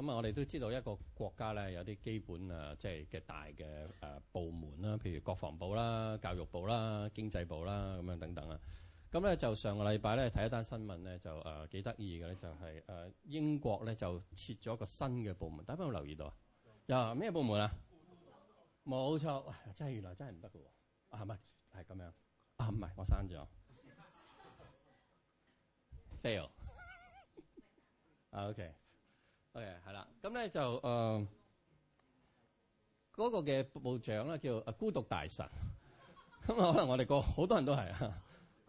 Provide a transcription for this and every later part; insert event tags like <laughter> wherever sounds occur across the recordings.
咁啊、嗯，我哋都知道一個國家咧有啲基本啊，即係嘅大嘅誒部門啦，譬如國防部啦、教育部啦、經濟部啦咁樣等等啊。咁、嗯、咧就上個禮拜咧睇一單新聞咧，就誒幾得意嘅咧，就係、是、誒英國咧就設咗一個新嘅部門。大家有冇留意到啊？有咩部門啊？冇錯，真係原來真係唔得嘅喎。啊唔係，係咁樣啊唔係，我刪咗。Fail。啊 OK。係啦，咁咧、okay, 就誒嗰、呃嗰個嘅部長咧叫孤獨大臣，咁啊 <laughs> 可能我哋個好多人都係啊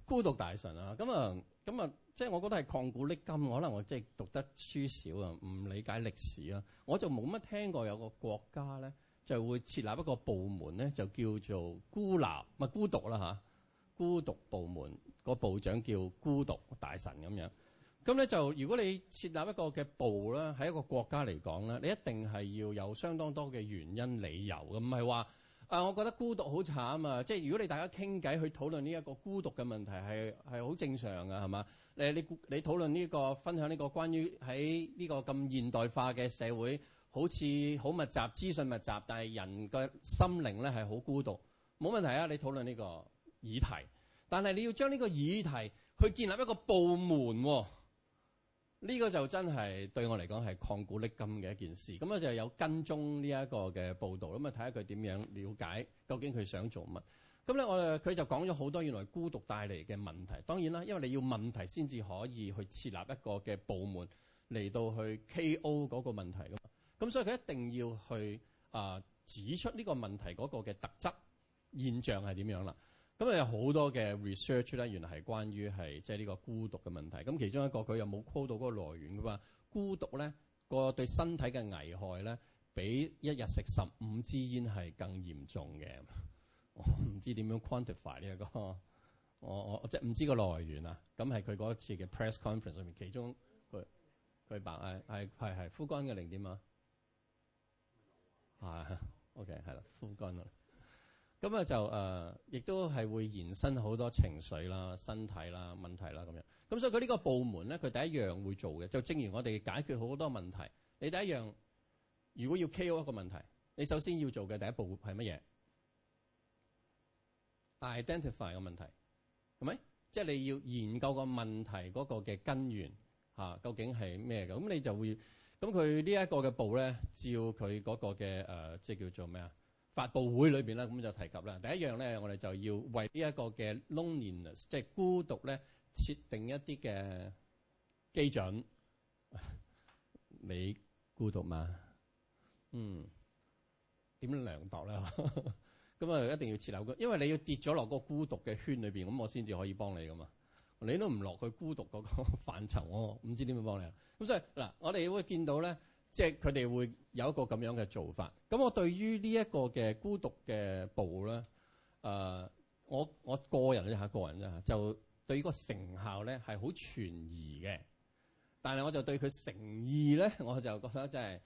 孤獨大臣啦，咁啊咁啊，即係我覺得係曠古歷今，可能我即係讀得書少啊，唔理解歷史啊。我就冇乜聽過有個國家咧就會設立一個部門咧就叫做孤立咪孤獨啦吓孤獨部門，個部長叫孤獨大臣咁樣。咁咧就，如果你設立一個嘅部咧，喺一個國家嚟講咧，你一定係要有相當多嘅原因理由嘅，唔係話誒，我覺得孤獨好慘啊！即係如果你大家傾偈去討論呢一個孤獨嘅問題，係係好正常㗎，係嘛？你你，你討論呢個分享呢個關於喺呢個咁現代化嘅社會，好似好密集資訊密集，但係人嘅心靈咧係好孤獨，冇問題啊！你討論呢個議題，但係你要將呢個議題去建立一個部門，啊。呢個就真係對我嚟講係抗古歷今嘅一件事，咁啊就有跟蹤呢一個嘅報導，咁啊睇下佢點樣了解，究竟佢想做乜？咁咧我哋佢就講咗好多原來孤獨帶嚟嘅問題。當然啦，因為你要問題先至可以去設立一個嘅部門嚟到去 KO 嗰個問題噶嘛。咁所以佢一定要去啊指出呢個問題嗰個嘅特質現象係點樣啦。咁啊、嗯、有好多嘅 research 咧，原來係關於係即係呢個孤獨嘅問題。咁其中一個佢又冇 call 到嗰個來源㗎嘛？孤獨咧、呢個對身體嘅危害咧，比一日食十五支煙係更嚴重嘅。我唔知點樣 quantify 呢、呢、一個，我我即係唔知個來源係嘅、哎、係係係係嘅啊。咁係佢嗰一次嘅 press conference 上面，其中佢佢白係係係係枯乾嘅零點啊。係，OK 係啦，枯乾啦。咁啊就誒，亦都係會延伸好多情緒啦、身體啦、問題啦咁樣。咁所以佢呢個部門咧，佢第一樣會做嘅，就正如我哋解決好多問題。你第一樣，如果要 KO 一個問題，你首先要做嘅第一步係乜嘢？Identify 個問題，係咪？即係你要研究個問題嗰個嘅根源嚇究竟係咩㗎？咁你就會，咁佢呢一個嘅步咧，照佢嗰個嘅誒，即係叫做咩啊？發佈會裏邊咧，咁就提及咧，第一樣咧，我哋就要為呢一個嘅 loneliness，即係孤獨咧，設定一啲嘅基準。你孤獨嘛？嗯。點樣量度咧？咁啊，一定要設立個，因為你要跌咗落個孤獨嘅圈裏邊，咁我先至可以幫你噶嘛。你都唔落去孤獨嗰個範疇喎，唔知點樣幫你呀。咁所以嗱，我哋會見到咧。即係佢哋會有一個咁樣嘅做法。咁我對於呢一個嘅孤獨嘅部咧，誒、呃，我我個人咧係個人啫，就對呢個成效咧係好存疑嘅。但係我就對佢誠意咧，我就覺得真係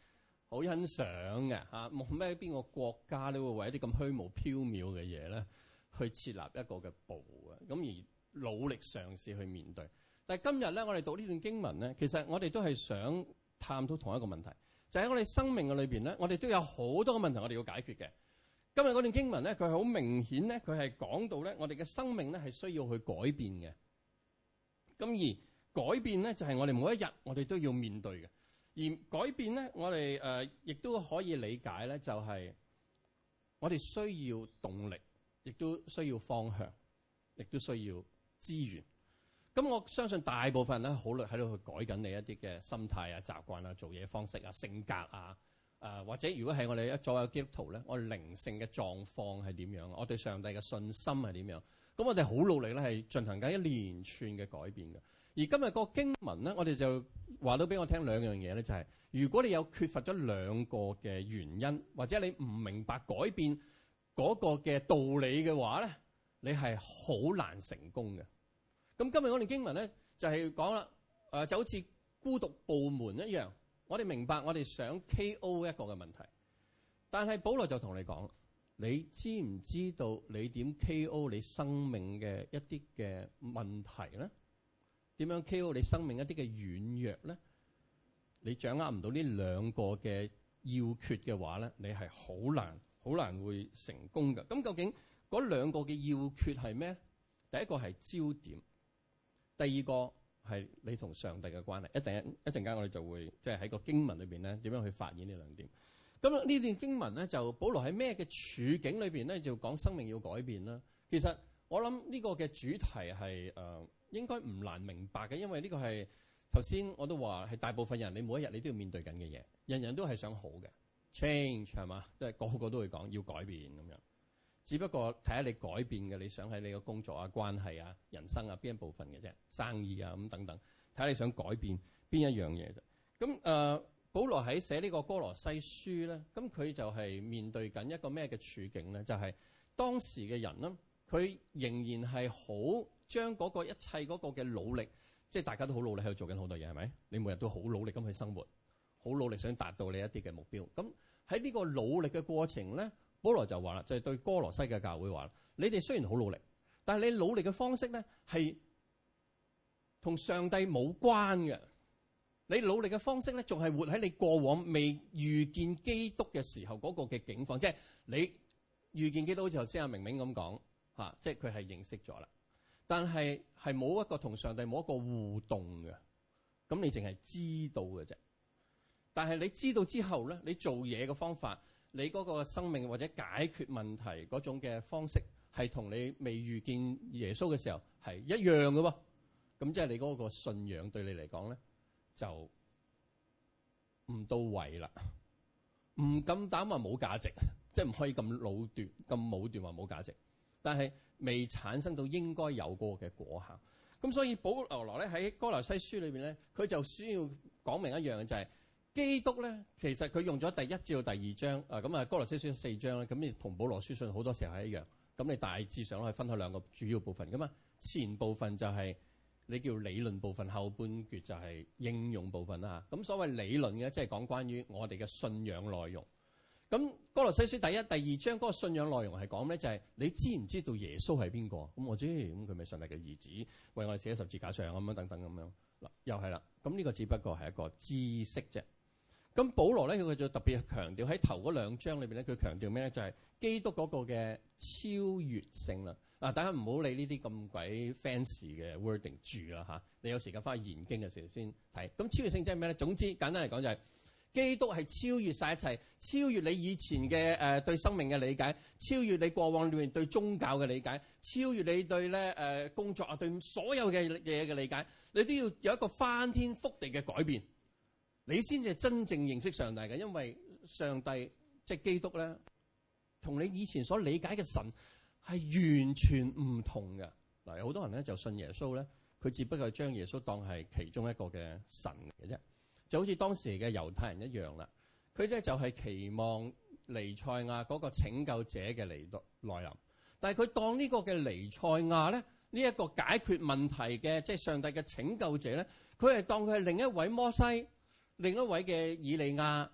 好欣賞嘅嚇。冇咩邊個國家都會為一啲咁虛無縹緲嘅嘢咧，去設立一個嘅部嘅。咁而努力嘗試去面對。但係今日咧，我哋讀呢段經文咧，其實我哋都係想。探討同一個問題，就喺、是、我哋生命嘅裏邊咧，我哋都有好多嘅問題，我哋要解決嘅。今日嗰段經文咧，佢好明顯咧，佢係講到咧，我哋嘅生命咧係需要去改變嘅。咁而改變咧，就係我哋每一日我哋都要面對嘅。而改變咧，我哋誒亦都可以理解咧，就係我哋需要動力，亦都需要方向，亦都需要資源。咁我相信大部分人好耐喺度去改緊你一啲嘅心態啊、習慣啊、做嘢方式啊、性格啊，或者如果係我哋一右基督徒咧，我靈性嘅狀況係點樣？我對上帝嘅信心係點樣？咁我哋好努力咧，係進行緊一連串嘅改變嘅。而今日個經文咧，我哋就話到俾我聽兩樣嘢咧，就係如果你有缺乏咗兩個嘅原因，或者你唔明白改變嗰個嘅道理嘅話咧，你係好難成功嘅。咁今日我哋經文咧就係講啦，誒，就好似孤獨部門一樣。我哋明白我哋想 K.O. 一個嘅問題，但係保羅就同你講：你知唔知道你點 K.O. 你生命嘅一啲嘅問題咧？點樣 K.O. 你生命一啲嘅軟弱咧？你掌握唔到呢兩個嘅要訣嘅話咧，你係好難好難會成功㗎。咁究竟嗰兩個嘅要訣係咩？第一個係焦點。第二個係你同上帝嘅關係，一陣間一陣間我哋就會即係喺個經文裏邊咧點樣去發現呢兩點，咁呢段經文咧就保羅喺咩嘅處境裏邊咧就講生命要改變啦。其實我諗呢個嘅主題係誒、呃、應該唔難明白嘅，因為呢個係頭先我都話係大部分人你每一日你都要面對緊嘅嘢，人人都係想好嘅 change 係嘛？即係、就是、個個都會講要改變咁樣。只不過睇下你改變嘅，你想喺你嘅工作啊、關係啊、人生啊邊一部分嘅、啊、啫，生意啊咁等等，睇下你想改變邊一樣嘢啫。咁誒、呃，保羅喺寫呢個《歌羅西書》呢咧，咁佢就係面對緊一個咩嘅處境咧？就係、是、當時嘅人咧，佢仍然係好將嗰個一切嗰個嘅努力，即、就、係、是、大家都好努力喺度做緊好多嘢，係咪？你每日都好努力咁去生活，好努力想達到你一啲嘅目標。咁喺呢個努力嘅過程咧。保羅就話啦，就係對哥羅西嘅教會話啦，你哋雖然好努力，但係你努力嘅方式咧，係同上帝冇關嘅。你努力嘅方式咧，仲係活喺你過往未遇見基督嘅時候嗰個嘅境況，即係你遇見基督之後，好似頭先阿明明咁講吓，即係佢係認識咗啦，但係係冇一個同上帝冇一個互動嘅，咁你淨係知道嘅啫。但係你知道之後咧，你做嘢嘅方法。你嗰個生命或者解決問題嗰種嘅方式，係同你未遇見耶穌嘅時候係一樣嘅喎。咁即係你嗰個信仰對你嚟講咧，就唔到位啦。唔敢膽話冇價值，即係唔可以咁老斷、咁武斷話冇價值。但係未產生到應該有嗰個嘅果效。咁所以，保羅羅咧，喺哥羅西書裏邊咧，佢就需要講明一樣嘅就係、是。基督咧，其實佢用咗第一至到第二章啊，咁啊《哥羅西書》四章咧，咁你同《保羅書信》好多時候係一樣咁，你大致上可以分開兩個主要部分噶嘛。前部分就係你叫理論部分，後半決就係應用部分啦。嚇，咁所謂理論嘅，即係講關於我哋嘅信仰內容。咁《哥羅西書》第一、第二章嗰個信仰內容係講咧就係你知唔知道耶穌係邊個咁？我知咁佢咪上帝嘅兒子，為我哋寫十字架上咁樣等等咁樣嗱，又係啦。咁呢個只不過係一個知識啫。咁保羅咧，佢就特別強調喺頭嗰兩章裏面咧，佢強調咩咧？就係、是、基督嗰個嘅超越性啦。大家唔好理呢啲咁鬼 fancy 嘅 wording 住啦嚇。你有時間翻去研經嘅時候先睇。咁超越性即係咩咧？總之簡單嚟講就係、是、基督係超越晒一切，超越你以前嘅誒、呃、對生命嘅理解，超越你過往裏面對宗教嘅理解，超越你對咧、呃、工作啊對所有嘅嘢嘅理解，你都要有一個翻天覆地嘅改變。你先至真正認識上帝嘅，因為上帝即係、就是、基督咧，同你以前所理解嘅神係完全唔同嘅。嗱，有好多人咧就信耶穌咧，佢只不過將耶穌當係其中一個嘅神嘅啫，就好似當時嘅猶太人一樣啦。佢咧就係、是、期望彌賽亞嗰個拯救者嘅嚟到來臨，但係佢當這個呢個嘅彌賽亞咧，呢、這、一個解決問題嘅即係上帝嘅拯救者咧，佢係當佢係另一位摩西。另一位嘅以利亞，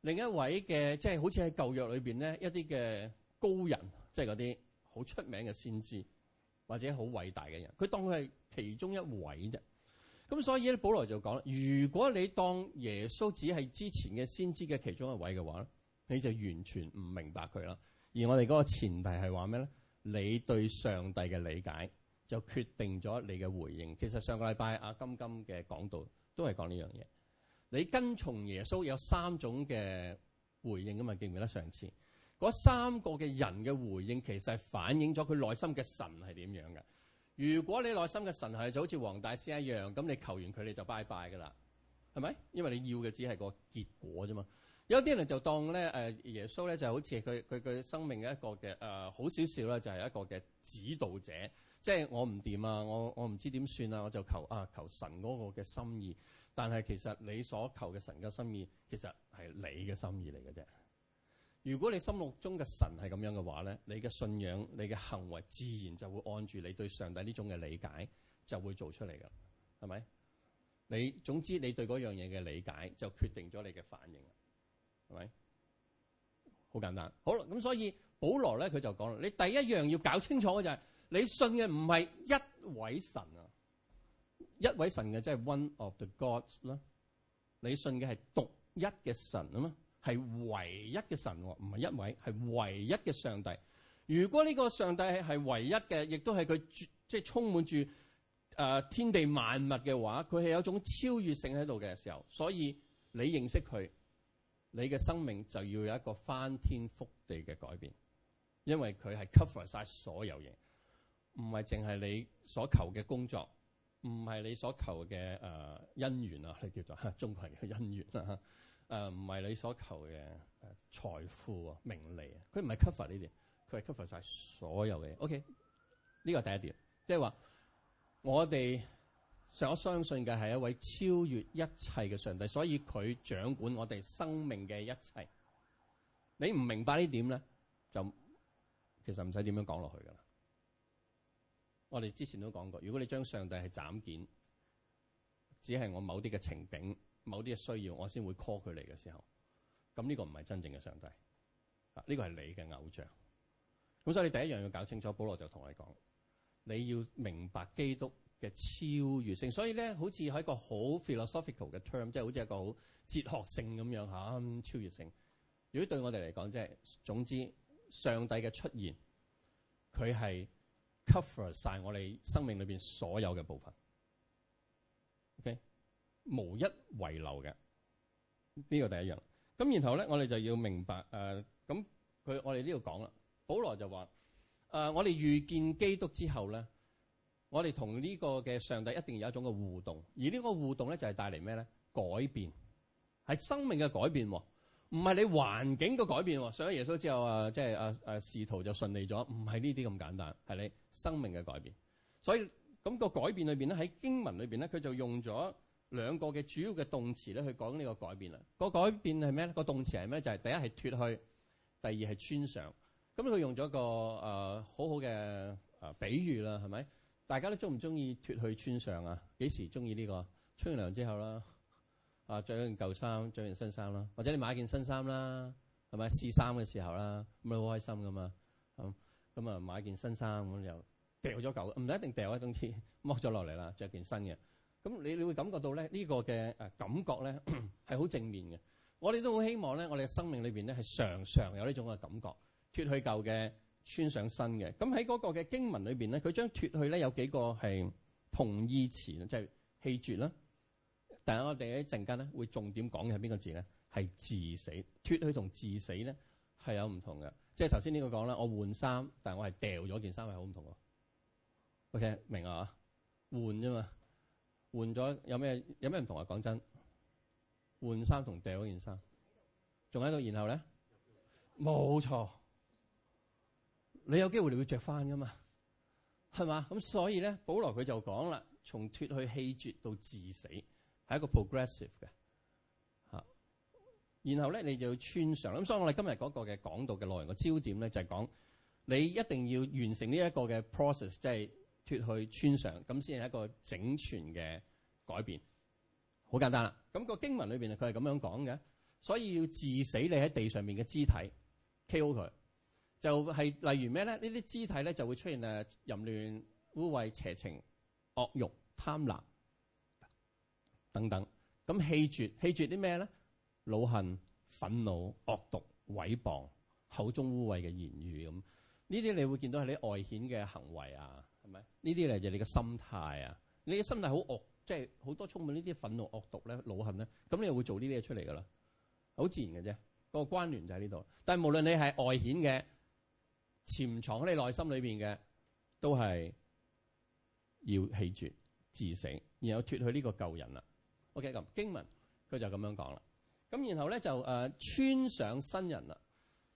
另一位嘅即係好似喺舊約裏邊咧一啲嘅高人，即係嗰啲好出名嘅先知或者好偉大嘅人，佢當佢係其中一位啫。咁所以咧，保羅就講啦，如果你當耶穌只係之前嘅先知嘅其中一位嘅話咧，你就完全唔明白佢啦。而我哋嗰個前提係話咩咧？你對上帝嘅理解就決定咗你嘅回應。其實上個禮拜阿金金嘅講道都係講呢樣嘢。你跟從耶穌有三種嘅回應噶嘛？記唔記得上次嗰三個嘅人嘅回應，其實係反映咗佢內心嘅神係點樣嘅？如果你內心嘅神係就好似黃大師一樣，咁你求完佢，你就拜拜噶啦，係咪？因為你要嘅只係個結果啫嘛。有啲人就當咧誒耶穌咧，就好似佢佢佢生命嘅一個嘅誒好少少啦，就係一個嘅指導者，即係我唔掂啊，我我唔知點算啊，我就求啊求神嗰個嘅心意。但係其實你所求嘅神嘅心意，其實係你嘅心意嚟嘅啫。如果你心目中嘅神係咁樣嘅話咧，你嘅信仰、你嘅行為，自然就會按住你對上帝呢種嘅理解，就會做出嚟噶。係咪？你總之你對嗰樣嘢嘅理解，就決定咗你嘅反應啦。係咪？好簡單。好啦，咁所以保羅咧，佢就講啦，你第一樣要搞清楚嘅就係、是，你信嘅唔係一位神啊。一位神，嘅即係 one of the gods 啦。你信嘅係獨一嘅神啊嘛，係唯一嘅神，唔係一位，係唯一嘅上帝。如果呢個上帝係唯一嘅，亦都係佢即係充滿住誒天地萬物嘅話，佢係有一種超越性喺度嘅時候，所以你認識佢，你嘅生命就要有一個翻天覆地嘅改變，因為佢係 cover 晒所有嘢，唔係淨係你所求嘅工作。唔係你所求嘅誒姻緣啊，你叫做中國人嘅姻緣啊，誒唔係你所求嘅財富啊、名利啊，佢唔係 cover 呢啲，佢係 cover 晒所有嘅嘢。OK，呢個第一點，即係話我哋所我相信嘅係一位超越一切嘅上帝，所以佢掌管我哋生命嘅一切。你唔明白這點呢點咧，就其實唔使點樣講落去㗎啦。我哋之前都講過，如果你將上帝係斬件，只係我某啲嘅情景、某啲嘅需要，我先會 call 佢嚟嘅時候，咁呢個唔係真正嘅上帝，呢個係你嘅偶像。咁所以你第一樣要搞清楚，保羅就同我哋講，你要明白基督嘅超越性。所以咧，好似係一個好 philosophical 嘅 term，即係好似一個好哲學性咁樣嚇，超越性。如果對我哋嚟講，即係總之，上帝嘅出現，佢係。cover 晒我哋生命裏邊所有嘅部分，OK，無一遺漏嘅，呢個第一樣。咁然後咧，我哋就要明白誒，咁、呃、佢我哋呢度講啦，保羅就話，誒、呃，我哋遇見基督之後咧，我哋同呢個嘅上帝一定有一種嘅互動，而呢個互動咧就係帶嚟咩咧？改變，係生命嘅改變。唔係你環境個改變喎，上咗耶穌之後啊，即係啊啊仕途就順利咗，唔係呢啲咁簡單，係你生命嘅改變。所以咁、個改變裏邊咧，喺經文裏邊咧，佢就用咗兩個嘅主要嘅動詞咧去講呢個改變啦。個改變係咩咧？個動詞係咩？就係、係、第一係脫去，第二係穿上。咁佢用咗個誒、呃、好好嘅誒比喻啦，係咪？大家都中唔中意脫去穿上啊？幾時中意呢個？沖完涼之後啦。啊，著咗件舊衫，著件新衫啦，或者你買一件新衫啦，係咪試衫嘅時候啦，咁啊好開心噶嘛，咁咁啊買一件新衫咁又掉咗舊，唔一定掉啊，總之剝咗落嚟啦，着件新嘅。咁你你會感覺到咧呢個嘅啊感覺咧係好正面嘅。我哋都好希望咧，我哋嘅生命裏邊咧係常常有呢種嘅感覺，脱去舊嘅，穿上新嘅。咁喺嗰個嘅經文裏邊咧，佢將脱去咧有幾個係同義詞，即係棄絕啦。但係我哋喺陣間咧會重點講嘅係邊個字咧？係治死。脱去同治死咧係有唔同嘅，即係頭先呢個講啦。我換衫，但係我係掉咗件衫，係好唔同嘅。OK，明啊？換啫嘛，換咗有咩有咩唔同啊？講真，換衫同掉件衫，仲喺度。然後咧，冇錯，你有機會你會着翻噶嘛？係嘛咁，所以咧，保羅佢就講啦，從脱去氣絕到治死。係一個 progressive 嘅嚇，然後咧你就要穿上咁，所以我哋今日嗰個嘅講到嘅內容嘅焦點咧就係講你一定要完成呢一個嘅 process，即係脫去穿上，咁先係一個整全嘅改變。好簡單啦，咁個經文裏邊佢係咁樣講嘅，所以要治死你喺地上面嘅肢體，KO 佢就係例如咩咧？呢啲肢體咧就會出現誒淫亂、污穢、邪情、惡慾、貪婪。等等，咁棄絕棄絕啲咩咧？惱恨、憤怒、惡毒、毀謗、口中污穢嘅言語咁，呢啲你會見到係你外顯嘅行為啊，係咪？呢啲咧就係你嘅心態啊。你嘅心態好惡，即係好多充滿呢啲憤怒、惡毒咧、惱恨咧，咁你會做呢啲嘢出嚟㗎啦，好自然嘅啫。個關聯就喺呢度。但係無論你係外顯嘅，潛藏喺你內心裏面嘅，都係要棄絕自省，然後脱去呢個舊人啦。OK，咁經文佢就咁樣講啦。咁然後咧就誒、啊、穿上新人啦。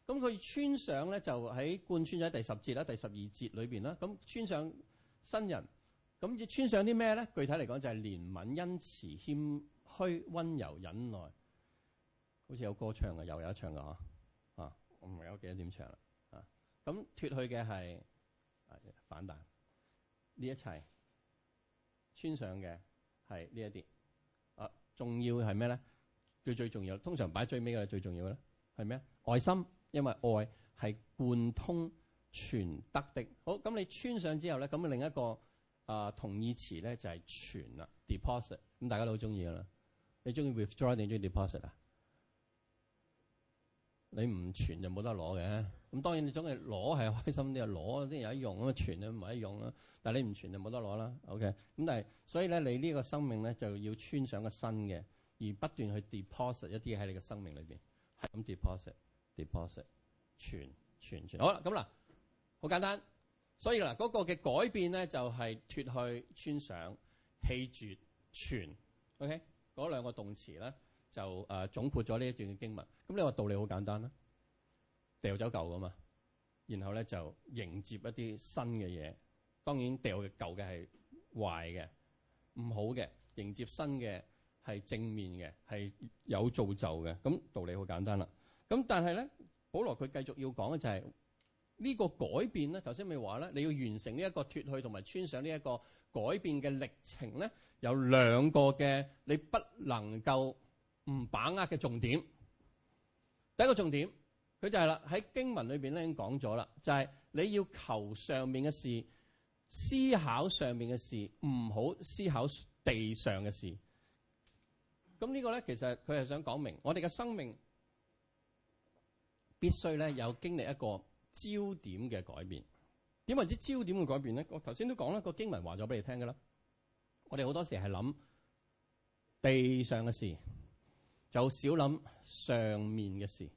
咁佢穿上咧就喺貫穿咗第十節啦、第十二節裏邊啦。咁穿上新人，咁要穿上啲咩咧？具體嚟講就係憐憫、恩慈、謙虛、溫柔、忍耐。好似有歌唱嘅，又有一唱嘅呵啊！我唔係好記得點唱啦啊。咁脱去嘅係反彈，呢一切穿上嘅係呢一啲。重要係咩咧？叫最，最重要，通常擺最尾嘅係最重要嘅咧，係咩啊？愛心，因為愛係貫通全德的。好，咁你穿上之後咧，咁另一個啊、呃、同義詞咧就係存啦，deposit。咁大家都好中意噶啦，你中意 withdraw 定中意 deposit 啊？你唔存就冇得攞嘅，咁當然你總係攞係開心啲啊，攞先有用啊，存咧冇得用啦。但係你唔存就冇得攞啦。OK，咁但係所以咧，你呢個生命咧就要穿上個新嘅，而不斷去 deposit 一啲喺你嘅生命裏邊，咁 dep deposit、deposit、存、存、存。好啦，咁嗱，好簡單。所以嗱，嗰、嗰個嘅改變咧就係脱去、穿上、棄絕、存。OK，嗰兩個動詞咧。就誒總括咗呢一段嘅經文。咁你話道理好簡單啦，掉走舊噶嘛，然後咧就迎接一啲新嘅嘢。當然掉嘅舊嘅係壞嘅，唔好嘅；迎接新嘅係正面嘅，係有造就嘅。咁道理好簡單啦。咁但係咧，保羅佢繼續要講嘅就係呢個改變咧。頭先咪話咧，你要完成呢一個脱去同埋穿上呢一個改變嘅歷程咧，有兩個嘅你不能夠。唔把握嘅重點，第一個重點佢就係啦，喺經文裏邊咧已經講咗啦，就係你要求上面嘅事，思考上面嘅事，唔好思考地上嘅事。咁呢個咧其實佢係想講明，我哋嘅生命必須咧有經歷一個焦點嘅改變。點為之焦點嘅改變咧？我頭先都講啦，個經文話咗俾你聽㗎啦。我哋好多時係諗地上嘅事。就少諗上面嘅事，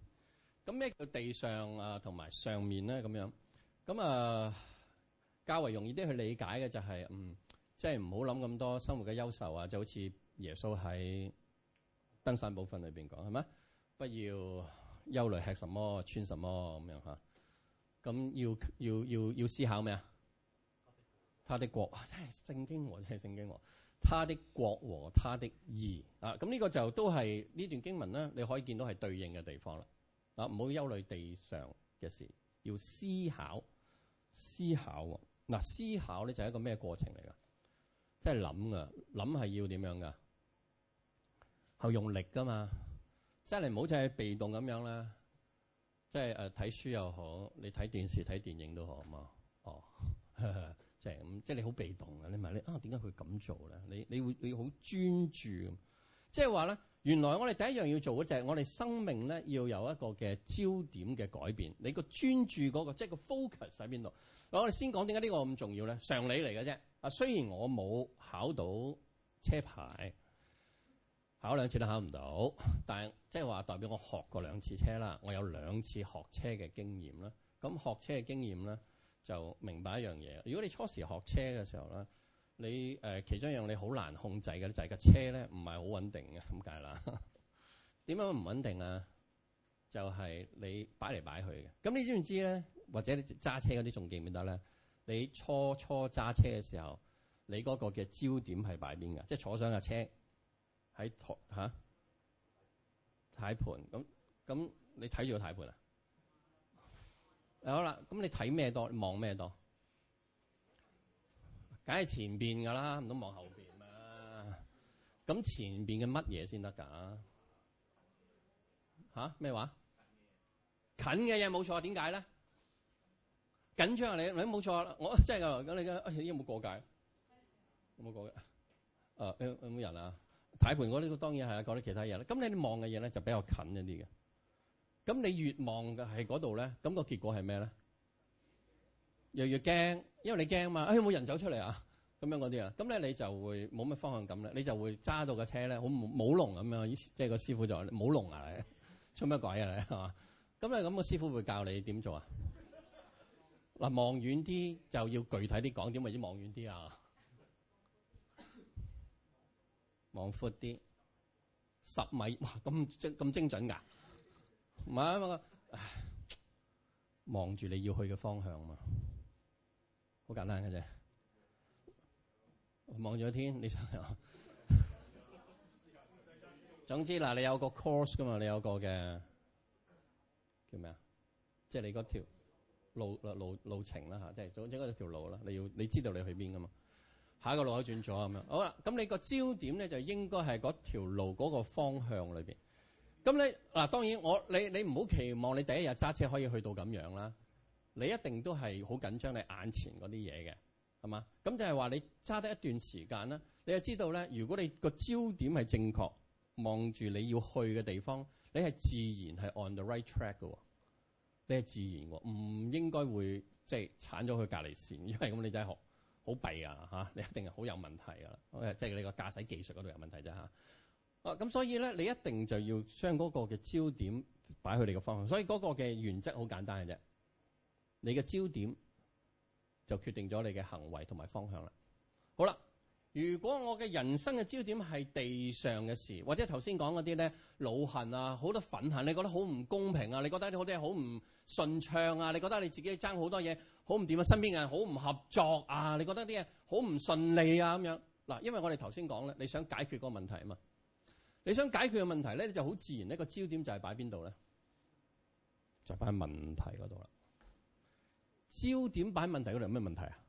咁咩叫地上啊，同埋上面咧咁樣？咁啊，較為容易啲去理解嘅就係、是，嗯，即係唔好諗咁多生活嘅憂愁啊，就好似耶穌喺登山寶訓裏邊講，係咪？不要憂慮吃什麼穿什麼咁樣嚇。咁要要要要思考咩啊？他的國真係聖經喎，真係聖經喎。他的國和他的義啊，咁呢個就都係呢段經文啦。你可以見到係對應嘅地方啦。啊，唔好憂慮地上嘅事，要思考，思考。嗱、啊啊，思考咧就係一個咩過程嚟噶？即係諗啊，諗係要點樣噶？係用力噶嘛，即係你唔好淨係被動咁樣啦。即係誒，睇書又好，你睇電視睇電影都好啊嘛。哦。 <laughs> 就係咁，即係你好被動啊！你問你啊，點解佢咁做咧？你你會你好專注，即係話咧，原來我哋第一樣要做嘅就係我哋生命咧要有一個嘅焦點嘅改變。你個專注嗰個，即係個 focus 喺邊度？我哋先講點解呢個咁重要咧？常理嚟嘅啫。啊，雖然我冇考到車牌，考兩次都考唔到，但係即係話代表我學過兩次車啦，我有兩次學車嘅經驗啦。咁學車嘅經驗咧。就明白一樣嘢。如果你初時學車嘅時候咧，你誒、呃、其中一樣你好難控制嘅就係個車咧唔係好穩定嘅，咁解啦。點解唔穩定啊？就係、是、你擺嚟擺去嘅。咁你知唔知咧？或者你揸車嗰啲仲記唔記得咧？你初初揸車嘅時候，你嗰個嘅焦點係擺邊㗎？即係坐上架車喺台嚇，軚盤咁咁，你睇住個軚盤啊？好啦，咁你睇咩多？望咩多？梗係前邊噶啦，唔通望後邊咩？咁前邊嘅乜嘢先得噶？吓？咩話？近嘅嘢冇錯，點解咧？緊張啊！你你冇錯啦，我真係噶咁你、哎、有冇過界？有冇過界？誒、啊、有冇人啊？睇盤嗰啲當然係講啲其他嘢啦。咁你望嘅嘢咧就比較近一啲嘅。咁你越望嘅係嗰度咧，咁個結果係咩咧？越越驚，因為你驚嘛。哎，冇人走出嚟啊？咁樣嗰啲啊，咁咧你就會冇乜方向感啦。你就會揸到個車咧，好冇龍咁樣，即係個師傅就話冇龍啊！你出乜鬼啊？你係嘛？咁咧咁個師傅會教你點做啊？嗱，望遠啲就要具體啲講，點為之望遠啲啊？望闊啲十米咁精咁精準噶～唔係啊！望住你要去嘅方向嘛，好簡單嘅啫。望住天，你想 <laughs> 總之嗱，你有個 course 噶嘛，你有個嘅叫咩啊？即係你嗰條路路路程啦吓，即係總之嗰條路啦。你要你知道你去邊噶嘛？下一個路口轉左，咁樣。好啦，咁你個焦點咧就應該係嗰條路嗰個方向裏面。咁你嗱，當然我你你唔好期望你第一日揸車可以去到咁樣啦，你一定都係好緊張你眼前嗰啲嘢嘅，係嘛？咁就係話你揸得一段時間啦，你就知道咧，如果你個焦點係正確，望住你要去嘅地方，你係自然係 on the right track 嘅，你係自然喎，唔應該會即係鏟咗去隔離線。因為係咁，你真係學好弊啊嚇，你一定係好有問題㗎啦，即係你個駕駛技術嗰度有問題啫嚇。啊！咁所以咧，你一定就要將嗰個嘅焦點擺去你嘅方向。所以嗰個嘅原則好簡單嘅啫。你嘅焦點就決定咗你嘅行為同埋方向啦。好啦，如果我嘅人生嘅焦點係地上嘅事，或者頭先講嗰啲咧惱恨啊，好多憤恨，你覺得好唔公平啊？你覺得你好啲，好唔順暢啊？你覺得你自己爭好多嘢好唔掂啊？身邊嘅人好唔合作啊？你覺得啲嘢好唔順利啊？咁樣嗱，因為我哋頭先講咧，你想解決嗰個問題啊嘛。你想解決嘅問題咧，你就好自然咧，個焦點就係擺邊度咧？就擺喺問題嗰度啦。焦點擺喺問題嗰度，有咩問題啊？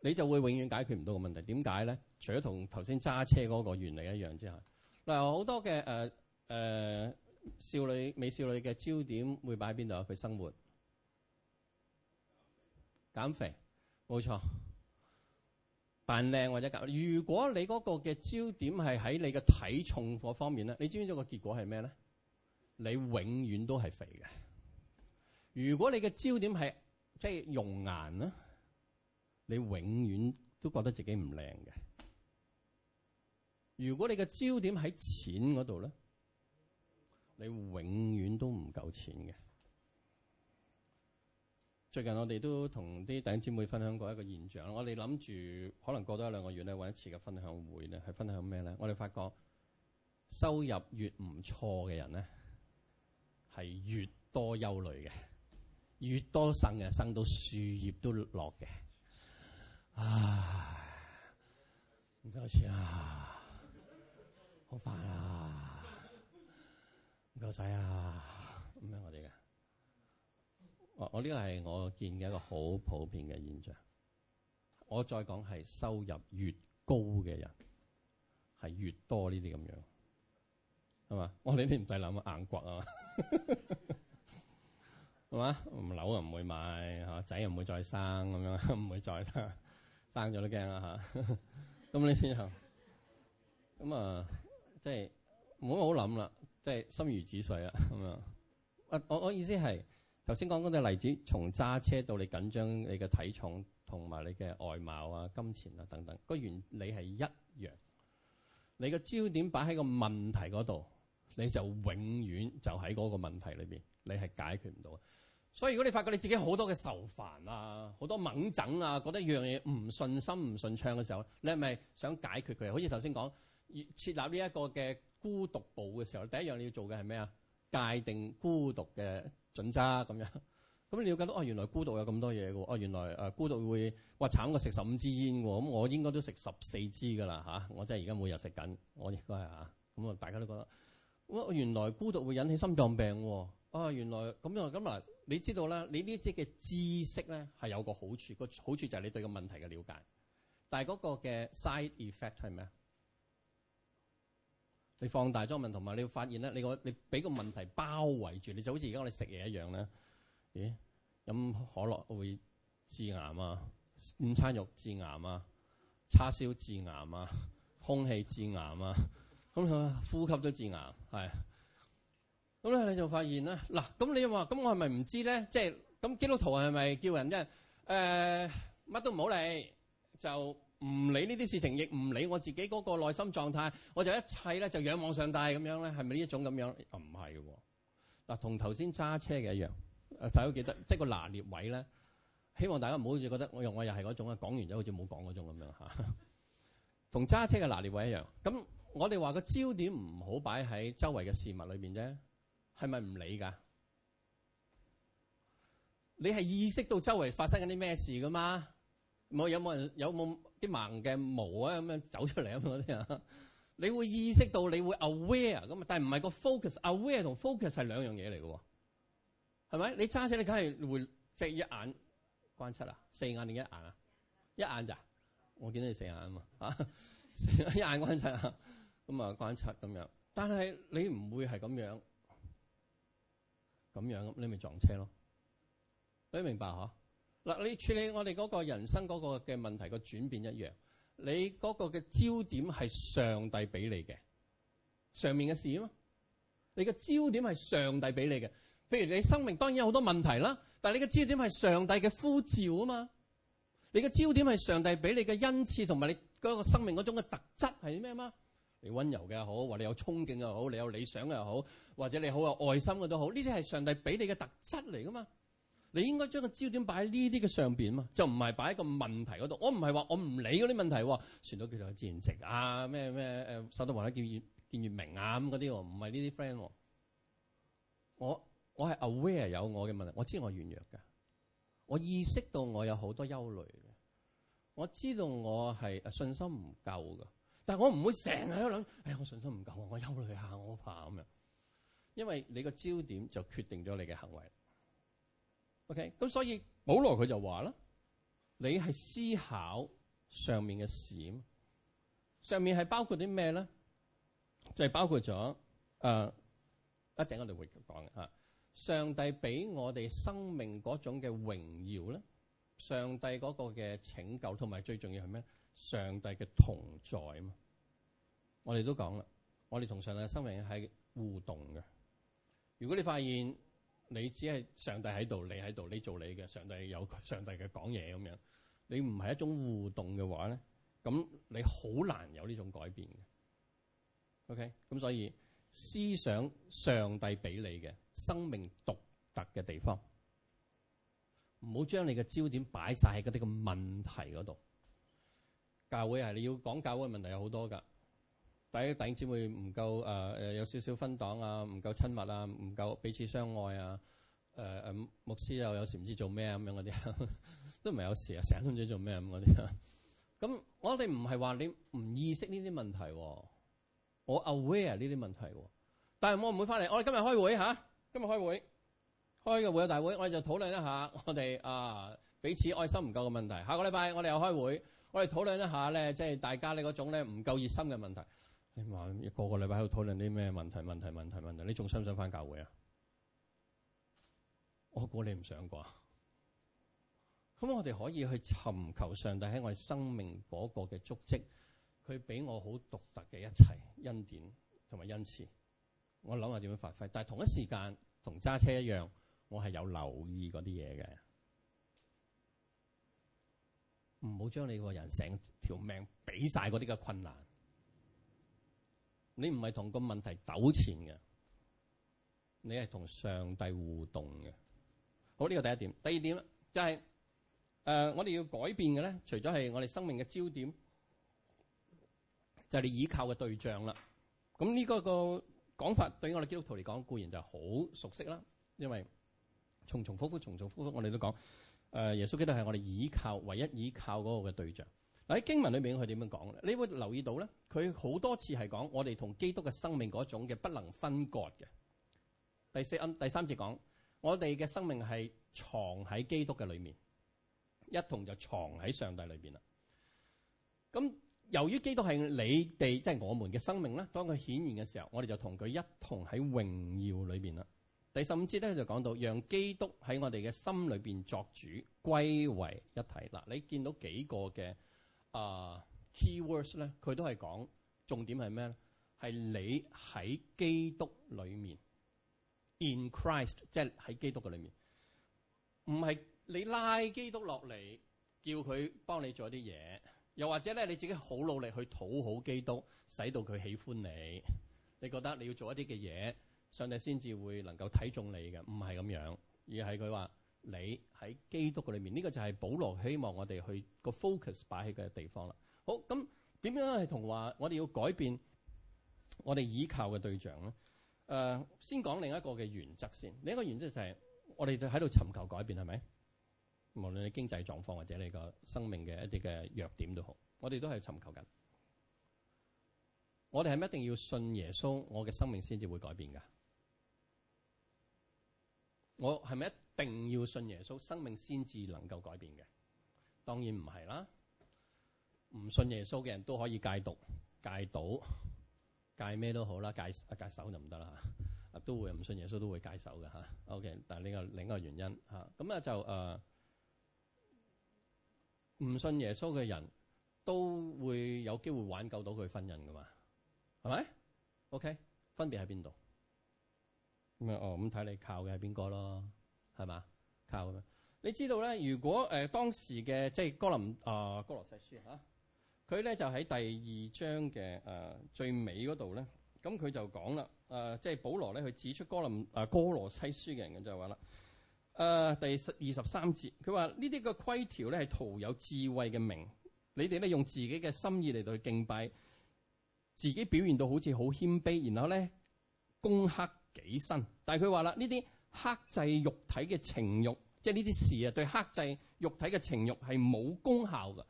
你就會永遠解決唔到個問題。點解咧？除咗同頭先揸車嗰個原理一樣之外，嗱，好多嘅誒誒少女美少女嘅焦點會擺喺邊度啊？佢生活減肥，冇錯。扮靚或者搞，如果你嗰個嘅焦點係喺你嘅體重嗰方面咧，你知唔知個結果係咩咧？你永遠都係肥嘅。如果你嘅焦點係即係容顏咧，你永遠都覺得自己唔靚嘅。如果你嘅焦點喺錢嗰度咧，你永遠都唔夠錢嘅。最近我哋都同啲弟兄姊妹分享過一個現象，我哋諗住可能過多一兩個月咧，搵一次嘅分享會咧，係分享咩咧？我哋發覺收入越唔錯嘅人咧，係越多憂慮嘅，越多生嘅生到樹葉都落嘅，啊唔夠錢啊，好煩啊，唔夠使啊，咁樣、啊、我哋嘅。我我呢個係我見嘅一個好普遍嘅現象。我再講係收入越高嘅人係越多呢啲咁樣，係嘛？我哋呢啲唔使諗啊，硬骨啊嘛係嘛？樓又唔會買嚇，仔又唔會再生咁樣，唔會再生，生咗都驚啦嚇。咁呢啲人啊，咁 <laughs> 啊，即係冇乜好諗啦，即係心如止水啦咁樣。我我我意思係。頭先講嗰啲例子，從揸車到你緊張，你嘅體重同埋你嘅外貌啊、金錢啊等等，個原理係一樣。你個焦點擺喺個問題嗰度，你就永遠就喺嗰個問題裏邊，你係解決唔到。所以如果你發覺你自己好多嘅愁煩啊、好多掹整啊，覺得一樣嘢唔順心、唔順暢嘅時候，你係咪想解決佢？好似頭先講設立呢一個嘅孤獨部嘅時候，第一樣你要做嘅係咩啊？界定孤獨嘅。渣咁樣咁，你了解到哦，原來孤獨有咁多嘢喎。哦，原來孤獨會哇，慘過食十五支煙喎。咁我應該都食十四支嘅啦、吓、我真係而家每日食緊，我應該係吓咁啊。大家都覺得、哦、原來孤獨會引起心臟病喎。啊，原來咁樣咁嗱、啊，你知道啦，你呢隻嘅知識咧係有個好處，個好處就係你對個問題嘅了解，但係嗰個嘅 side effect 係咩啊？你放大咗個問題，同埋你要發現咧，你個你俾個問題包圍住，你就好似而家我哋食嘢一樣咧。咦？飲可樂會致癌啊，午餐肉致癌啊，叉燒致癌啊，空氣致癌啊，咁呼吸都致癌，係。咁咧你就發現啦。嗱，咁你話咁我係咪唔知咧？即係咁基督徒係咪叫人咧？誒、呃，乜都唔好理就。唔理呢啲事情，亦唔理我自己嗰個內心狀態，我就一切咧就仰望上帝咁樣咧，係咪呢一種咁樣？唔係喎，嗱，同頭先揸車嘅一樣， <laughs> 大家記得，即係個拿捏位咧，希望大家唔好好似覺得我又我又係嗰種啊，講完咗好似冇講嗰種咁樣同揸 <laughs> 車嘅拿捏位一樣，咁我哋話個焦點唔好擺喺周圍嘅事物裏面啫，係咪唔理㗎？你係意識到周圍發生緊啲咩事㗎嘛？冇，有冇人有冇啲盲嘅毛啊，咁樣走出嚟啊，嗰啲啊， <laughs> 你會意識到你會 aware 咁啊，但係唔係個 focus？aware <laughs> 同 focus 係兩樣嘢嚟嘅，係咪？你揸車你梗係會隻、即係、一眼關七啊，四眼定一眼啊？一眼咋？我見到你四眼啊嘛，啊， <laughs> 一眼關七啊，咁啊關七咁樣。但係你唔會係咁樣，咁樣，咁你咪撞車咯。你明白嚇？你處理我哋嗰個人生嗰個嘅問題個轉變一樣，你嗰個嘅焦點係上帝俾你嘅，上面嘅事啊嘛，你嘅焦點係上帝俾你嘅。譬如你生命當然有好多問題啦，但你嘅焦點係上帝嘅呼召啊嘛，你嘅焦點係上帝俾你嘅恩賜同埋你嗰個生命嗰種嘅特質係咩啊嘛？你溫柔嘅好，或者你有憧憬嘅又好，你有理想嘅又好，或者你好有愛心嘅都好，呢啲係上帝俾你嘅特質嚟噶嘛？你應該將個焦點擺喺呢啲嘅上面嘛，就唔係擺喺個問題嗰度。我唔係話我唔理嗰啲問題喎，船到都叫做自然直啊，咩咩守得雲開，見見月明啊咁嗰啲喎，唔係呢啲 friend 我。我我係 aware 有我嘅問題，我知我軟弱嘅，我意識到我有好多憂慮嘅，我知道我係信心唔夠嘅，但係我唔會成日喺度諗，哎呀，我信心唔夠，我憂慮下，我怕咁樣，因為你個焦點就決定咗你嘅行為。OK，咁所以保羅佢就話啦，你係思考上面嘅事，上面係包括啲咩咧？就係包括咗誒，一陣我哋會講嘅吓，上帝俾我哋生命嗰種嘅榮耀咧，上帝嗰個嘅拯救，同埋最重要係咩？上帝嘅同在啊！我哋都講啦，我哋同上帝嘅生命係互動嘅。如果你發現，你只係上帝喺度，你喺度，你做你嘅，上帝有佢上帝嘅講嘢咁樣。你唔係一種互動嘅話咧，咁你好難有呢種改變嘅。OK，咁所以思想上帝俾你嘅生命獨特嘅地方，唔好將你嘅焦點擺晒喺嗰啲嘅問題嗰度。教會係，你要講教會問題有好多㗎。第一頂姊妹唔夠誒、誒、呃，有少少分黨啊，唔夠親密啊，唔夠彼此相愛啊。誒、呃、誒，牧師又有時唔知做咩啊咁樣嗰啲，都唔係有時啊，成日都唔知做咩咁嗰啲。咁我哋唔係話你唔意識呢啲問題喎，我 aware 呢啲問題喎。但係我唔會翻嚟。我哋今日開會吓、啊，今日開會開個會友大會，我哋就討論一下我哋啊彼此愛心唔夠嘅問題。下個禮拜我哋又開會，我哋討論一下咧，即係大家咧嗰種咧唔夠熱心嘅問題。你話，個個禮拜喺度討論啲咩問題？問題？問題？問題？你仲想唔想返教會啊？我估你唔想啩。咁我哋可以去尋求上帝喺我哋生命嗰個嘅足跡，佢俾我好獨特嘅一切恩典同埋恩賜。我諗下點樣發揮，但係同一時間同揸車一樣，我係有留意嗰啲嘢嘅。唔好將你個人成條命俾晒嗰啲嘅困難。你唔係同個問題糾纏嘅，你係同上帝互動嘅。好，呢個第一點。第二點就係、是、誒、呃，我哋要改變嘅咧，除咗係我哋生命嘅焦點，就係、是、你倚靠嘅對象啦。咁、這、呢個個講法對於我哋基督徒嚟講，固然就好熟悉啦。因為重重複複、重重複复，我哋都講誒、呃，耶穌基督係我哋倚靠唯一倚靠嗰個嘅對象。喺經文裏面佢點樣講咧？你會留意到咧，佢好多次係講我哋同基督嘅生命嗰種嘅不能分割嘅。第四、三、第三節講我哋嘅生命係藏喺基督嘅裏面，一同就藏喺上帝裏邊啦。咁由於基督係你哋，即係我們嘅生命咧，當佢顯現嘅時候，我哋就同佢一同喺榮耀裏邊啦。第十五節咧就講到，讓基督喺我哋嘅心裏邊作主，歸為一體。嗱，你見到幾個嘅？啊，keywords 咧，佢、uh, 都係講，重點係咩咧？係你喺基督裏面，in Christ，即係喺基督嘅裏面，唔係你拉基督落嚟，叫佢幫你做一啲嘢，又或者咧你自己好努力去討好基督，使到佢喜歡你，你覺得你要做一啲嘅嘢，上帝先至會能夠睇中你嘅，唔係咁樣，而係佢話。你喺基督嘅裏面，呢、這個就係保羅希望我哋去個 focus 擺喺嘅地方啦。好，咁點樣係同話我哋要改變我哋依靠嘅對象咧？誒，先講另一個嘅原則先。另一個原則就係我哋就喺度尋求改變，係咪？無論你經濟狀況或者你個生命嘅一啲嘅弱點都好，我哋都係尋求緊。我哋係咪一定要信耶穌，我嘅生命先至會改變噶。我係咪一定要信耶穌，生命先至能夠改變嘅？當然唔係啦，唔信耶穌嘅人都可以戒毒、戒賭、戒咩都好啦，戒戒手就唔得啦嚇，都會唔信耶穌都會戒手嘅嚇。OK，但係呢個另一個原因嚇，咁咧就誒唔、呃、信耶穌嘅人都會有機會挽救到佢婚姻㗎嘛，係咪？OK，分別喺邊度？咁啊，哦咁睇你靠嘅係邊個咯？係嘛靠嘅？你知道咧，如果誒、呃、當時嘅即係哥林啊、呃、哥羅西書嚇佢咧，就喺第二章嘅誒、呃、最尾嗰度咧，咁佢就講啦誒，即、呃、係、就是、保羅咧，佢指出哥林啊、呃、哥羅西書嘅人嘅就話啦誒，第二十三節佢話呢啲嘅規條咧係徒有智慧嘅名，你哋咧用自己嘅心意嚟到敬拜，自己表現到好似好謙卑，然後咧攻克。幾新，但係佢話啦，呢啲克制肉體嘅情欲，即係呢啲事啊，對克制肉體嘅情欲係冇功效㗎。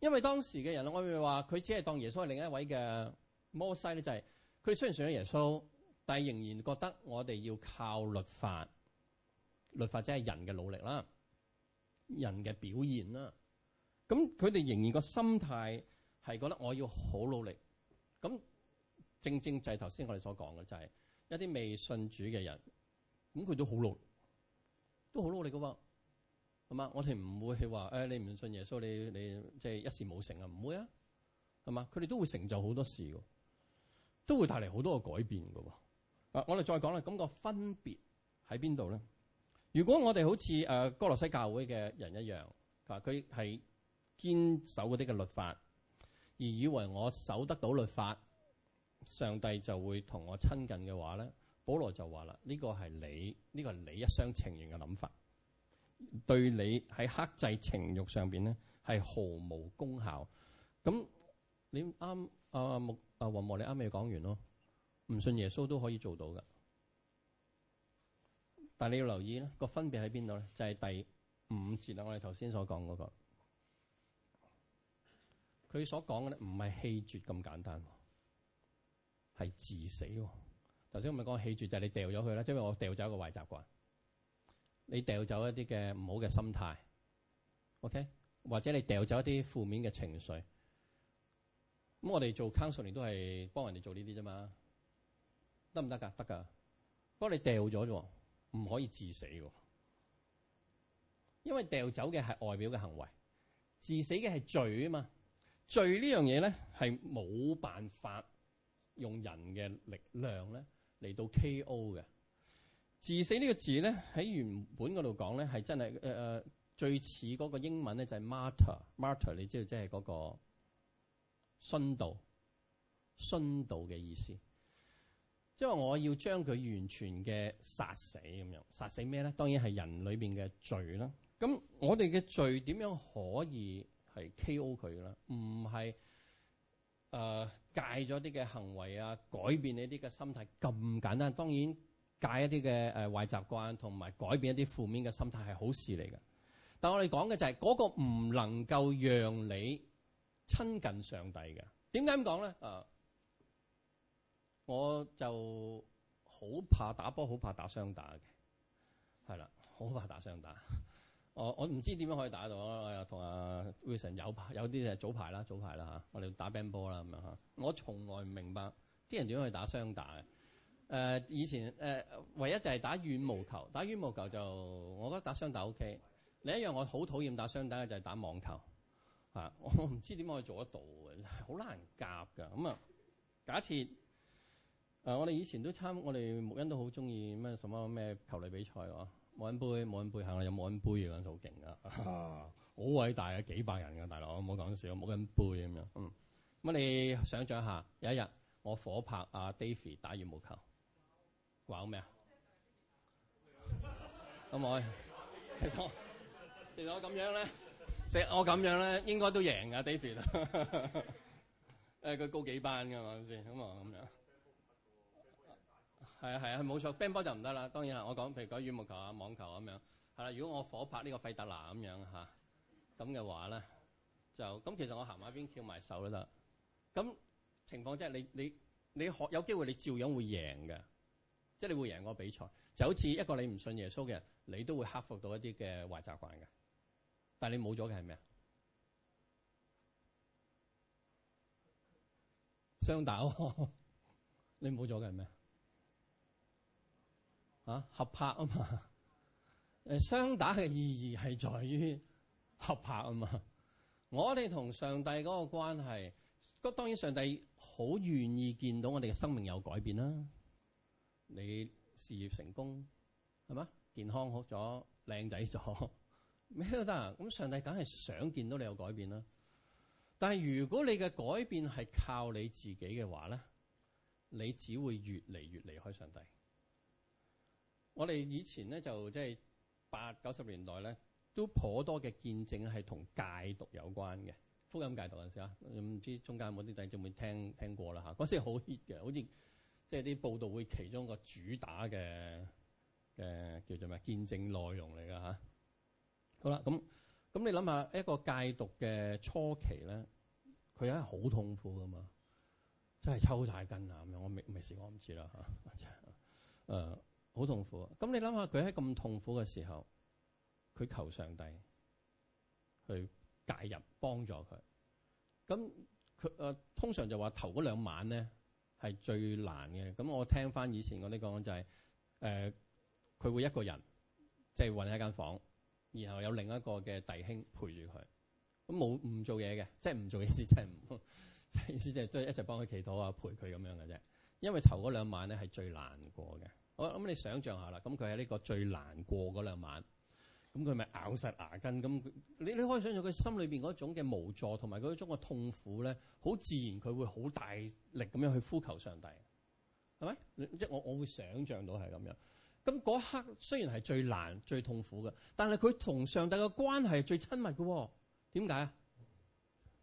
因為當時嘅人，我咪話佢只係當耶穌係另一位嘅摩西咧，就係、是、佢雖然信咗耶穌，但係仍然覺得我哋要靠律法，律法者係人嘅努力啦，人嘅表現啦。咁佢哋仍然個心態係覺得我要好努力。咁正正就係頭先我哋所講嘅，就係、是。一啲未信主嘅人，咁佢都好努力，都好努力噶，係嘛？我哋唔會係話，誒，你唔信耶穌，你你即係一事冇成啊？唔會啊，係嘛？佢哋都會成就好多事噶，都會帶嚟好多嘅改變噶。嗱，我哋再講啦，咁個分別喺邊度咧？如果我哋好似誒哥羅西教會嘅人一樣，佢係堅守嗰啲嘅律法，而以為我守得到律法，上帝就會同我親近嘅話咧，保羅就話啦：呢個係你呢個係你一廂情願嘅諗法，對你喺克制情慾上邊咧係毫無功效。咁你啱啊木啊雲和、啊，你啱未講完咯？唔信耶穌都可以做到㗎，但係你要留意咧，個分別喺邊度咧？就係、是、第五節啦，我哋頭先所講嗰、那個，佢所講嘅咧唔係棄絕咁簡單。係致死喎！頭先我咪講棄絕就係、是、你掉咗佢啦，因為我掉走一個壞習慣，你掉走一啲嘅唔好嘅心態，OK？或者你掉走一啲負面嘅情緒，咁我哋做 counseling 都係幫人哋做呢啲啫嘛，得唔得噶？得㗎，不過你掉咗啫，唔可以致死喎，因為掉走嘅係外表嘅行為，致死嘅係罪啊嘛，罪呢樣嘢咧係冇辦法。用人嘅力量咧嚟到 K.O. 嘅自死呢個字咧喺原本嗰度講咧係真係誒誒最似嗰個英文咧就係 martyr martyr，你知道即係嗰個殉道殉道嘅意思，即係話我要將佢完全嘅殺死咁樣殺死咩咧？當然係人裏邊嘅罪啦。咁我哋嘅罪點樣可以係 K.O. 佢啦，唔係。誒，戒咗啲嘅行為啊，改變你啲嘅心態咁簡單。當然，戒一啲嘅誒壞習慣，同埋改變一啲負面嘅心態係好事嚟嘅。但係我哋講嘅就係嗰個唔能夠讓你親近上帝嘅。點解咁講咧？誒，我就好怕打波，好怕打雙打嘅，係啦，好怕打雙打。我我唔知點樣可以打到啊！我又同阿 Wilson 有排有啲就係早排啦，早排啦嚇，我哋打 b a 乒乓波啦咁樣嚇。我從來唔明白啲人點樣去打雙打嘅。誒、啊、以前誒、啊、唯一就係打羽毛球，打羽毛球就我覺得打雙打 OK。另一樣我好討厭打雙打嘅就係打網球嚇、啊。我唔知點可以做得到嘅，好難夾㗎。咁啊，假設誒、啊、我哋以前都參，我哋牧恩都好中意咩什麼咩球類比賽冇摩根杯，冇摩根杯，行啦，飲摩根杯嘅嗰陣好勁㗎，好偉大啊，幾百人㗎，大佬，唔好講笑，冇摩根杯咁樣。嗯，咁你、嗯、想象下，有一日我火拍阿、啊、David 打羽毛球，玩咩啊？咁我其實我咁樣咧，即 <laughs> 我咁樣咧，應該都贏㗎，David。誒，佢高幾班㗎嘛先？咁啊咁樣。係啊係啊，係冇錯，乒乓就唔得啦。當然啦，我講譬如講羽毛球啊、網球咁樣係啦。如果我伙拍呢個費德勒咁樣嚇咁嘅話咧，就咁其實我行埋邊翹埋手都得。咁情況即係你你你學有機會你照樣會贏嘅，即係你會贏個比賽。就好似一個你唔信耶穌嘅人，你都會克服到一啲嘅壞習慣嘅。但係你冇咗嘅係咩啊？雙打，哦， <laughs> 你冇咗嘅係咩？啊，合拍啊嘛！誒，雙打嘅意義係在於合拍啊嘛。我哋同上帝嗰個關係，嗰當然上帝好願意見到我哋嘅生命有改變啦。你事業成功係嘛？健康好咗，靚仔咗，咩都得。咁上帝梗係想見到你有改變啦。但係如果你嘅改變係靠你自己嘅話咧，你只會越嚟越離開上帝。我哋以前咧就即係八九十年代咧，都頗多嘅見證係同戒毒有關嘅。福音戒毒嗰時啊，唔知中間有冇啲弟兄姊妹聽聽過啦嚇。嗰時好 hit 嘅，好似即係啲報道會其中一個主打嘅嘅叫做咩見證內容嚟㗎嚇。好啦，咁咁你諗下一個戒毒嘅初期咧，佢係好痛苦㗎嘛，真係抽曬筋啊咁樣。我未未試過，我唔知啦嚇。誒、啊。好痛苦，啊。咁你諗下佢喺咁痛苦嘅時候，佢求上帝去介入幫助佢。咁佢誒通常就話頭嗰兩晚咧係最難嘅。咁我聽翻以前嗰啲講就係誒佢會一個人即係搵一間房，然後有另一個嘅弟兄陪住佢，咁冇唔做嘢嘅，即係唔做嘢先，即係意思即係都係一直幫佢祈禱啊，陪佢咁樣嘅啫。因為頭嗰兩晚咧係最難過嘅。我諗你想象下啦，咁佢喺呢個最難過嗰兩晚，咁佢咪咬實牙根咁？你你可以想象佢心裏邊嗰種嘅無助同埋嗰種嘅痛苦咧，好自然佢會好大力咁樣去呼求上帝，係咪？即係我我會想像到係咁樣。咁嗰一刻雖然係最難、最痛苦嘅，但係佢同上帝嘅關係係最親密嘅。點解啊？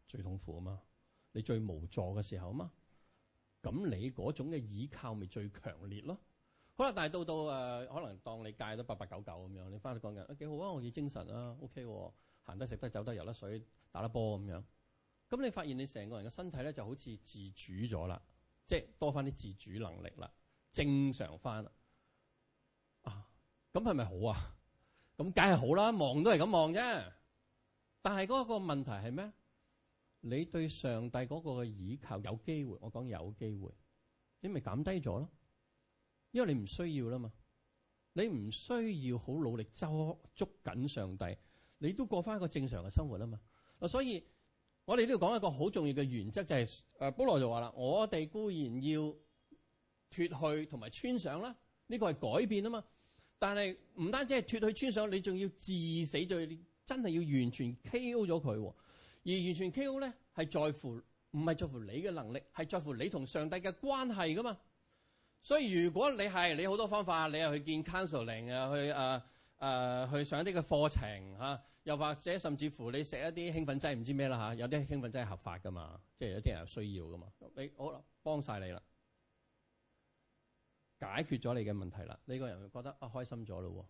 最痛苦啊嘛！你最無助嘅時候啊嘛，咁你嗰種嘅倚靠咪最強烈咯？好啦，但係到到可能當你戒得八八九九咁樣，你翻去講人、啊，幾好啊！我幾精神啦、啊、OK，行、啊、得食得走得遊得水打得波咁樣。咁你發現你成個人嘅身體咧，就好似自主咗啦，即係多翻啲自主能力啦，正常翻啦。啊，咁係咪好啊？咁梗係好啦、啊，望都係咁望啫。但係嗰個問題係咩？你對上帝嗰個嘅倚靠有機會，我講有機會，你咪減低咗咯。因為你唔需要啦嘛，你唔需要好努力捉捉緊上帝，你都過翻一個正常嘅生活啊嘛嗱，所以我哋呢度講一個好重要嘅原則，就係、是、誒，保羅就話啦，我哋固然要脱去同埋穿上啦，呢、這個係改變啊嘛，但係唔單止係脱去穿上，你仲要治死你真係要完全 K.O. 咗佢，而完全 K.O. 咧係在乎唔係在乎你嘅能力，係在乎你同上帝嘅關係噶嘛。所以如果你係你好多方法，你又去見 counseling 啊、呃呃，去誒誒去上一啲嘅課程嚇，又或者甚至乎你食一啲興奮劑，唔知咩啦嚇，有啲興奮劑係合法噶嘛，即係有啲人需要噶嘛。你好啦幫晒你啦，解決咗你嘅問題啦，呢個人會覺得啊開心咗咯喎。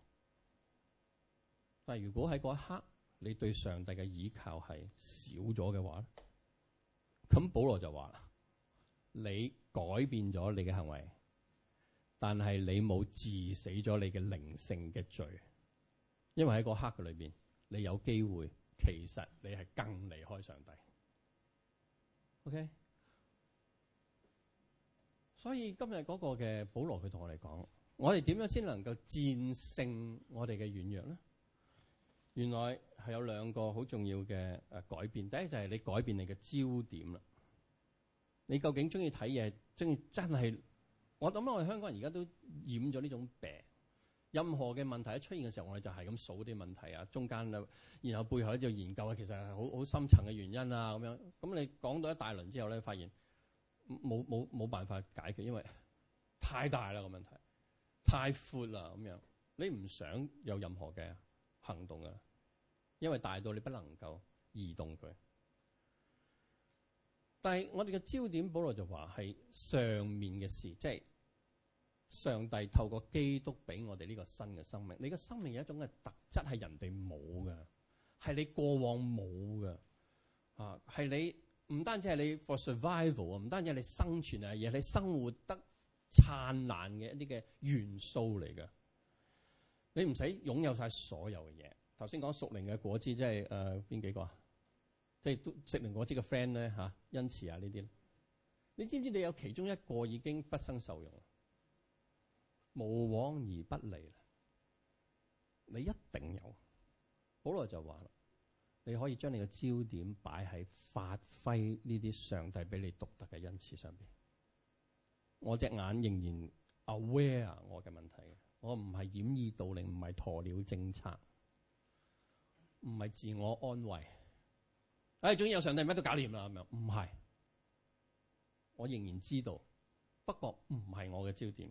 但係如果喺嗰一刻你對上帝嘅倚靠係少咗嘅話，咁保羅就話啦：你改變咗你嘅行為。但係你冇治死咗你嘅靈性嘅罪，因為喺嗰刻嘅裏邊，你有機會，其實你係更離開上帝。OK，所以今日嗰個嘅保羅佢同我哋講，我哋點樣先能夠戰勝我哋嘅軟弱咧？原來係有兩個好重要嘅誒改變，第一就係你改變你嘅焦點啦。你究竟中意睇嘢，中意真係？我諗我哋香港人而家都染咗呢種病，任何嘅問題一出現嘅時候，我哋就係咁數啲問題啊，中間啦，然後背後咧就研究啊，其實係好好深層嘅原因啊，咁樣。咁你講到一大輪之後咧，你發現冇冇冇辦法解決，因為太大啦，個問題太闊啦，咁樣你唔想有任何嘅行動啊，因為大到你不能夠移動佢。但係我哋嘅焦點，保羅就話係上面嘅事，即係上帝透過基督俾我哋呢個新嘅生命。你嘅生命有一種嘅特質係人哋冇嘅，係你過往冇嘅啊，係你唔單止係你 for survival，唔單止係你生存啊嘢，係你生活得燦爛嘅一啲嘅元素嚟嘅。你唔使擁有晒所有嘅嘢。頭先講熟齡嘅果子，即係誒邊幾個啊？即係都證明我知個 friend 咧吓恩賜啊這些呢啲。你知唔知？你有其中一個已經不生受用，無往而不利，你一定有。好耐就話，你可以將你嘅焦點擺喺發揮呢啲上帝俾你獨特嘅恩賜上邊，我隻眼仍然 aware 我嘅問題，我唔係掩耳盜鈴，唔係鴕鳥政策，唔係自我安慰。唉，總之、哎、有上帝乜都搞掂啦，係咪？唔係，我仍然知道，不過唔係我嘅焦點。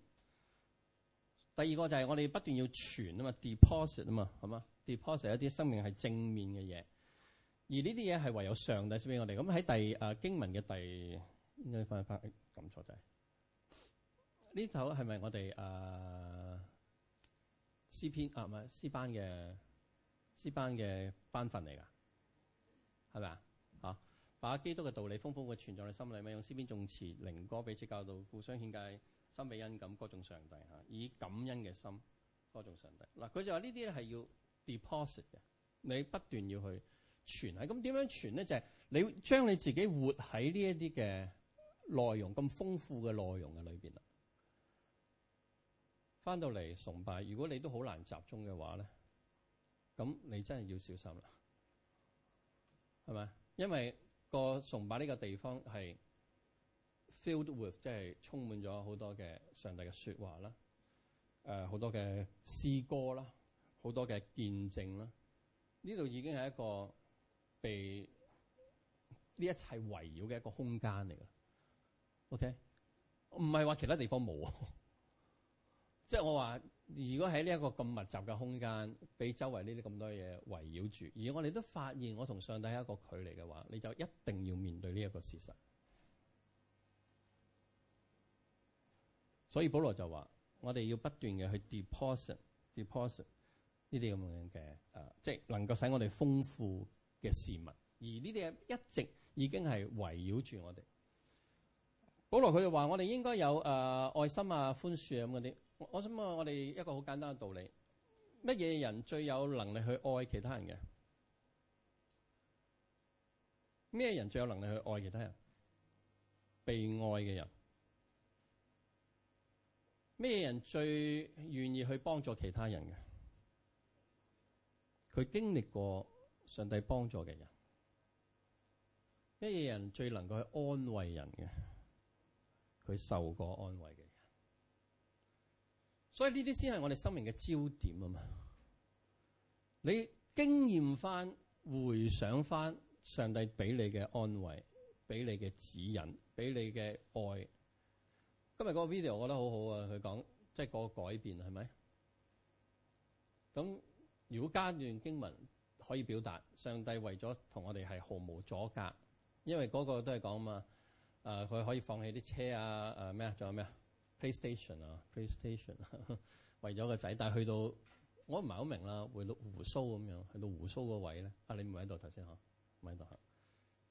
第二個就係我哋不斷要傳啊嘛，deposit 啊嘛，係嘛？deposit Dep 一啲生命係正面嘅嘢，而呢啲嘢係唯有上帝先俾我哋。咁喺第誒、啊、經文嘅第，應該翻一翻，撳錯咗。呢首係咪我哋誒詩篇啊？唔係 C, p,、啊、C, 詩班嘅詩班嘅班訓嚟噶？係咪啊？吓，把基督嘅道理豐富嘅存在你心裏，咪用詩篇頌詞、靈歌彼此教導，互相勸戒、心比恩感，歌頌上帝吓，以感恩嘅心歌頌上帝。嗱，佢就話呢啲咧係要 deposit 嘅，你不斷要去傳。係咁點樣傳咧？就係、是、你將你自己活喺呢一啲嘅內容，咁豐富嘅內容嘅裏邊啦。返到嚟崇拜，如果你都好難集中嘅話咧，咁你真係要小心啦。係咪？因為個崇拜呢個地方係 filled with，即係充滿咗好多嘅上帝嘅説話啦，誒好多嘅詩歌啦，好多嘅見證啦。呢度已經係一個被呢一切圍繞嘅一個空間嚟嘅。OK，唔係話其他地方冇，即係我話。如果喺呢一個咁密集嘅空間，俾周圍呢啲咁多嘢圍繞住，而我哋都發現我同上帝係一個距離嘅話，你就一定要面對呢一個事實。所以保羅就話：我哋要不斷嘅去 deposit、deposit 呢啲咁樣嘅誒，即係能夠使我哋豐富嘅事物。而呢啲嘢一直已經係圍繞住我哋。保羅佢就話：我哋應該有誒、呃、愛心啊、寬恕啊咁嗰啲。我想問我哋一個好簡單嘅道理：乜嘢人最有能力去愛其他人嘅？咩人最有能力去愛其他人？被愛嘅人。咩人最願意去幫助其他人嘅？佢經歷過上帝幫助嘅人。咩人最能夠去安慰人嘅？佢受過安慰嘅人。所以呢啲先係我哋生命嘅焦點啊嘛！你經驗翻、回想翻上帝俾你嘅安慰、俾你嘅指引、俾你嘅愛。今日嗰個 video 我覺得好好啊，佢講即係嗰個改變係咪？咁如果加段經文可以表達上帝為咗同我哋係毫無阻隔，因為嗰個都係講啊嘛。誒，佢可以放棄啲車啊，誒咩啊？仲有咩啊？PlayStation 啊，PlayStation， <laughs> 為咗個仔，但係去到我唔係好明啦，會到鬍鬚咁樣，去到鬍鬚個位咧。啊，你唔喺度頭先唔喺度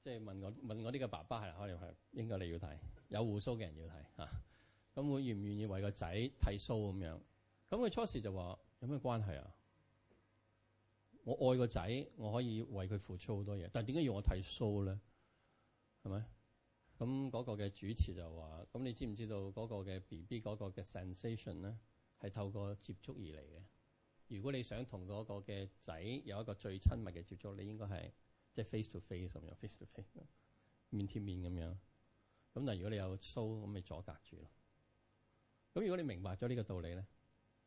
即係問我問我呢個爸爸係，可能應該你要睇，有鬍鬚嘅人要睇嚇。咁、啊、會願唔願意為個仔剃鬚咁樣？咁佢初時就話：有咩關係啊？我愛個仔，我可以為佢付出好多嘢，但係點解要我剃鬚咧？係咪？咁嗰個嘅主持就話：咁你知唔知道嗰個嘅 BB 嗰個嘅 sensation 咧，係透過接觸而嚟嘅。如果你想同嗰個嘅仔有一個最親密嘅接觸，你應該係即係 face to face 咁樣，face to face，面貼面咁樣。咁但係如果你有 show，咁咪阻隔住咯。咁如果你明白咗呢個道理咧，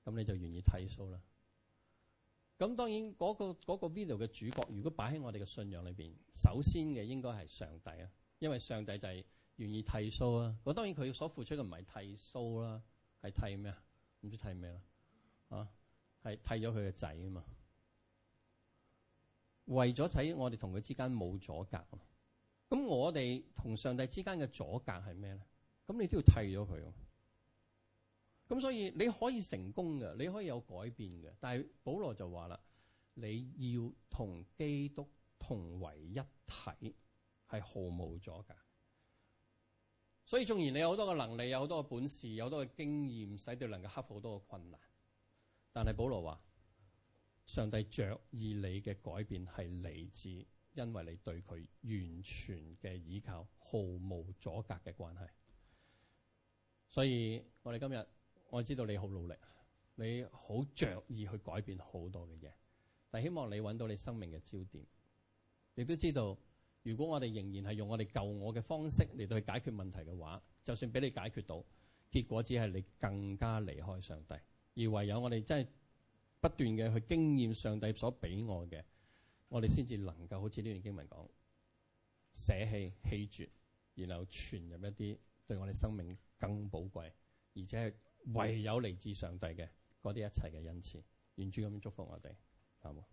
咁你就願意睇 show 啦。咁當然嗰個嗰個 video 嘅主角，如果擺喺我哋嘅信仰裏面，首先嘅應該係上帝啊。因為上帝就係願意剃鬚啦，咁當然佢所付出嘅唔係剃鬚啦，係剃咩啊？唔知剃咩啦，啊，係剃咗佢嘅仔啊嘛，為咗使，我哋同佢之間冇阻隔，咁我哋同上帝之間嘅阻隔係咩咧？咁你都要剃咗佢，咁所以你可以成功嘅，你可以有改變嘅，但係保羅就話啦，你要同基督同為一體。係毫無阻隔，所以縱然你有好多嘅能力，有好多嘅本事，有好多嘅經驗，使到能夠克服好多嘅困難。但係保羅話：上帝着意你嘅改變係嚟自，因為你對佢完全嘅依靠，毫無阻隔嘅關係。所以我哋今日我知道你好努力，你好着意去改變好多嘅嘢，但係希望你揾到你生命嘅焦點，亦都知道。如果我哋仍然係用我哋舊我嘅方式嚟到去解決問題嘅話，就算俾你解決到，結果只係你更加離開上帝。而唯有我哋真係不斷嘅去經驗上帝所俾我嘅，我哋先至能夠好似呢段經文講，捨棄棄絕，然後存入一啲對我哋生命更寶貴，而且係唯有嚟自上帝嘅嗰啲一切嘅恩賜。願主咁樣祝福我哋，阿門。